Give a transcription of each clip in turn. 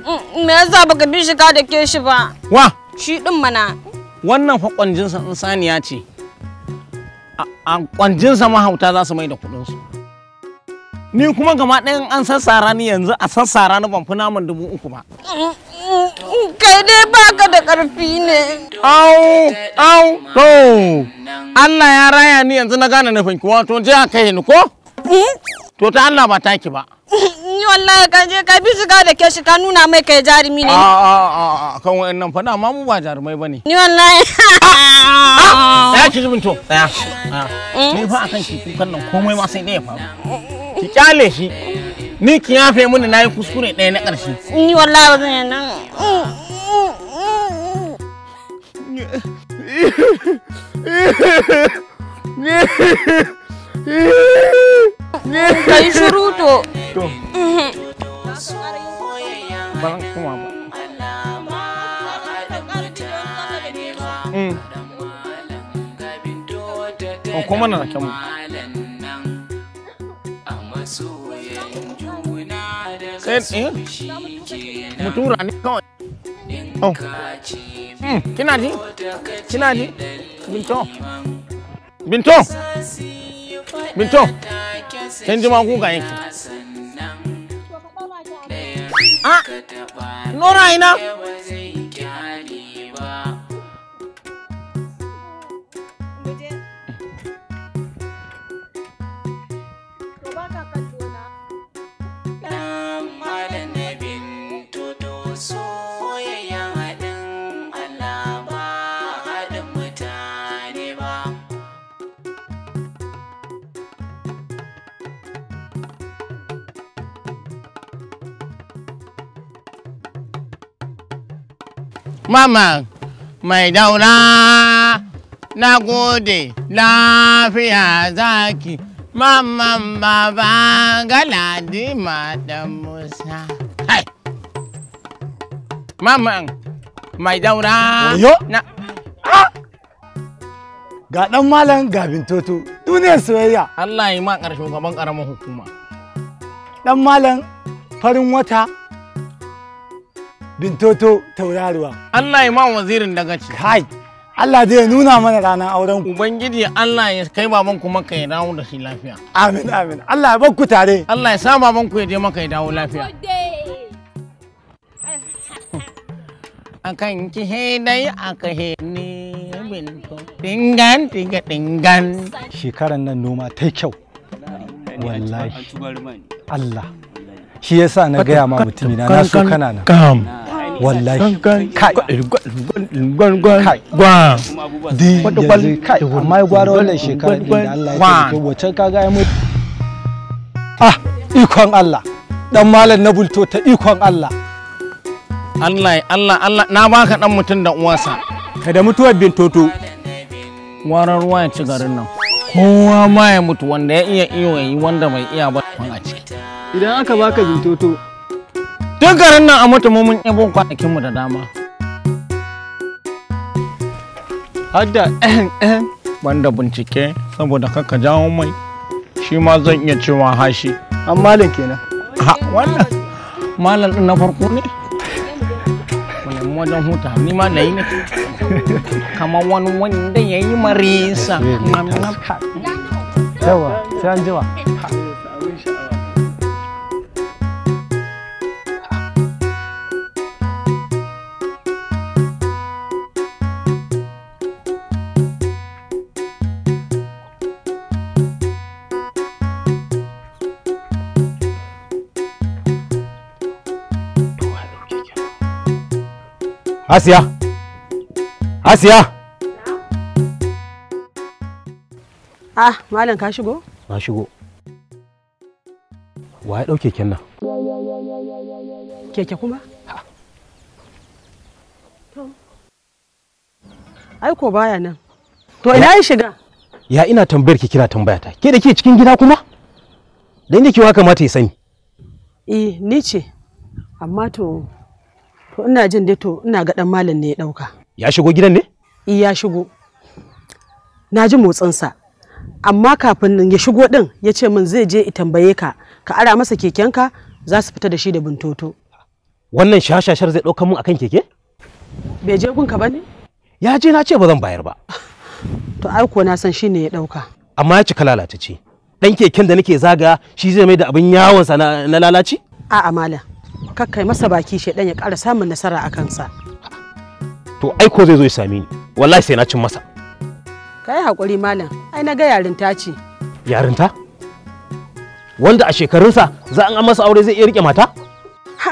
Mm, me yasa baka bi shi ka da ke shi ba? Wa? Shi din mana. Wannan fa kwanjinsa in saniya ce. A kwanjinsa mahauta za su mai da su Ni kuma gama ɗayan an sassara ni yanzu a sassara ni ban fi naman dubu uku ba. Mm, kai dai baka da karfi ne. Au, au, to. Allah ya raya ni yanzu na gane nufin ki wato je a kai ni ko? Mm. To ta Allah ba taki ba. ni wallahi ka je ka bi shiga da ke shi ka nuna mai kai jarumi ne. A a a kan wayannan fa na mu ba jarumai bane. Ni wallahi. Ah! Ya ki zubin to. Ya. Ah. Hmm? Ni fa akan ki kukan nan komai ma sai ne ya faru. Hmm. Ki kyale shi. Ni ki yafe mun nayi kuskure ɗaya na ƙarshe. Ni wallahi ba zan nan. Ne. Ne. Kai shuru to. ba zan ba hmm. Ban koma na raken Sai eh? ne kawai. Oh. Hmm. Kina ji? Kina ji? Binto. Binto. Binto. Kin kuka Nora ina? mama mai daura na gode lafiya zaki maman baba galadi da musa hai maman mai daura na ga dan malam gabin toto duniyar soyayya Allah ya ma ƙarshen gaban ƙaramin hukuma dan malam farin wata bintoto tauraruwa. Allah ya ma wazirin daga ci. Kai, Allah zai nuna mana ranar auren ku. Ubangiji Allah ya kai baban ku maka ya dawo da shi lafiya. Amin amin. Allah ya bar ku tare. Allah ya sa baban ku ya je maka ya dawo lafiya. Akan ki dai aka he ni binto. Dingan tinga dingan. Shekaran nan noma ta kyau. Wallahi. Allah. Shi yasa na gaya ma mutumina na so kana nan. wallahi kai kai di yanzu kai amma kai da ya wacce ah ikon Allah dan malam na bulto ta ikon Allah Allah Allah Allah na baka dan mutun da uwansa ka da mutuwar toto. warar ruwa ya ci garin nan kowa ma ya mutu wanda ya iya iyo yayi wanda bai iya ba a ciki idan aka baka toto. Duk garin nan a mutu mun ibon kwanakinmu da dama. Hadda ɗan ɗan banda bincike saboda kaka jawo mai shi ma zan iya cewa hashi. An malin kenan. Ha wannan malam ɗin na farko ne. Wannan wajen huta ni ma na yi ne. Kamar wani wanda ya yi marisa. Yawa sai an jiwa. Asiya! Asia. Ah, malam ka shigo? Na shigo. Wa ya ɗauke keken nan? Keke kuma? Ai ko baya nan. To ina ya shiga? Ya ina tambayar ki kina tambaya ta. Ke da ke cikin gida kuma? Da inda kiwa kamata ya sani. Eh, ni ce. Amma to to ina jin dai to ina ga dan malam ne ya dauka ya shigo gidan ne ya shigo na ji motsinsa amma kafin ya shigo din ya ce min zai je i tambaye ka ka ara masa kekenka za su fita da shi da bintoto. wannan shashashar zai dauka mun akan keke bai je gunka ba ya je na ce ba zan bayar ba to ai ko na san shine ya ɗauka amma ya cika lalata ce dan keken da nake zaga shi zai mai da abin yawon sa na lalaci a'a malam kakkai masa baki shaidan ya ƙara samun nasara a kansa to ai ko zai zo ya sami ni wallahi sai na cin masa ka yi haƙuri malam ai na ga yarinta ce yarinta wanda a shekarunsa za an masa aure zai iya rike mata ha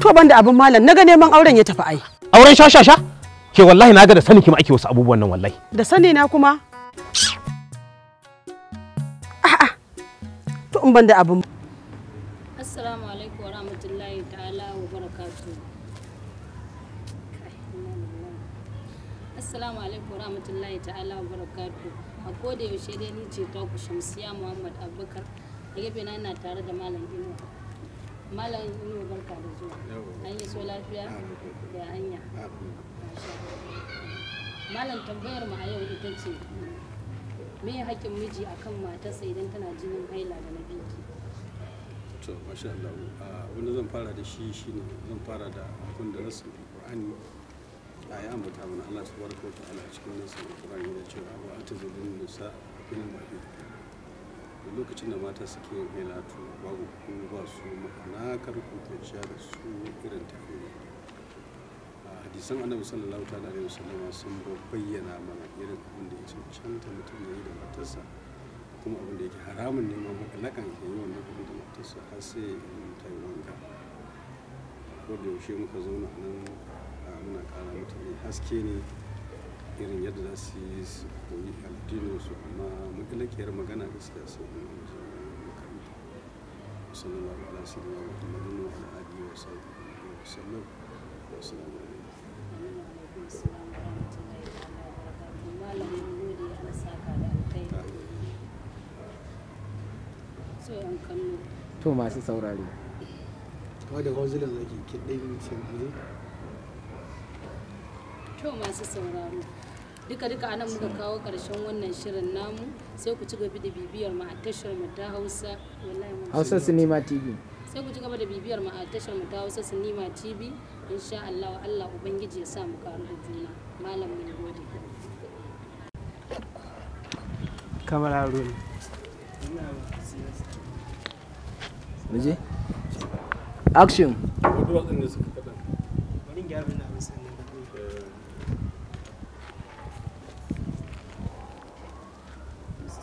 to banda abin malam na ga neman auren ya tafi ai auren sha-sha-sha ke wallahi na ga da sani kima ake wasu abubuwan nan wallahi da sani na kuma a'a to in banda abin Assalamu alaikum rahmatullahi ta'ala wa barakatu. A koda yaushe dai ni ce ta ku Shamsiya Muhammad Abubakar. A gefe na ina tare da Malam Inuwa. Malam Inuwa barka da zuwa. An yi so lafiya da hanya. Malam tambayar mu a yau ita ce me ya haƙƙin miji akan matarsa idan tana jinin haila da na biki? To masha Allah wani zan fara da shi shine zan fara da abin da Qur'ani Aya yi ambata mana Allah su wa ta'ala a cikin nasa alƙur'ani da cewa wa a nisa min mafi lokacin da mata suke yin hailatu babu ku ba su ma'ana kar ku kwanciya da su irin tafiya a hadisan annabi sallallahu ta'ala alaihi wasallam sun bayyana mana irin abin da ya cancanta mutum ya da matarsa kuma abin da yake haramun ne ma makalakan ke yi wannan abin da matarsa har sai ta yi wanka ko da yaushe muka zauna nan suna kara mutane haske ne irin yadda za su yi su koyi addinin su amma makilakiyar magana gaskiya sun nuna musu makaranta musamman ala wa ala wa wa to masu saurari kawai da wanzu da zaki kiɗin cin To masu sauraro. Duka-duka anan muka kawo karshen wannan shirin namu sai ku ci gaba da bibiyar mu a tashar mu ta Hausa. Hausa Sinima TV. Sai ku ci gaba da bibiyar mu a tashar mu ta Hausa Sinima TV. Insha Allah Allah Ubangiji ya sa mu karu da juna. Malam mun gode. Kamar Haruna. Action. Wadda waɗanda suka kaɗan. Bari gyara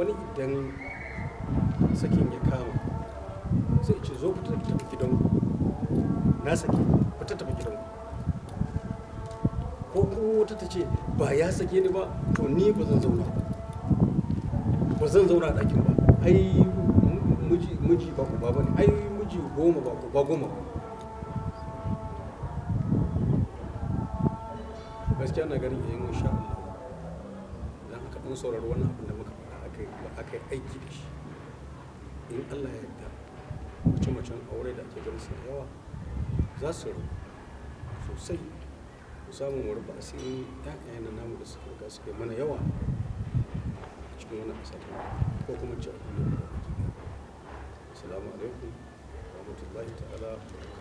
wani idan sakin ya kama sai ce zo ku tafi gidan na sake ku ta tafi gidan ko kuma wata ta ce ba ya sake ni ba to ni ba zan zauna ba zan zauna a ɗakin ba ai miji ba ku ba ba ne ai miji goma ba ku ba goma gaskiya na garin yayin eh, insha Allah dan haka dan saurari wannan abin da muka aka yi aiki da shi in allah ya yarda mace-macen aure da ake gani suna yawa za su rabu sosai mu samu mu rufe asirin ƴaƴayen na namu da suka riga suke mana yawa a cikin wani asalin ko kuma cikin wani asalin assalamu alaikum wa rahmatullahi ta'ala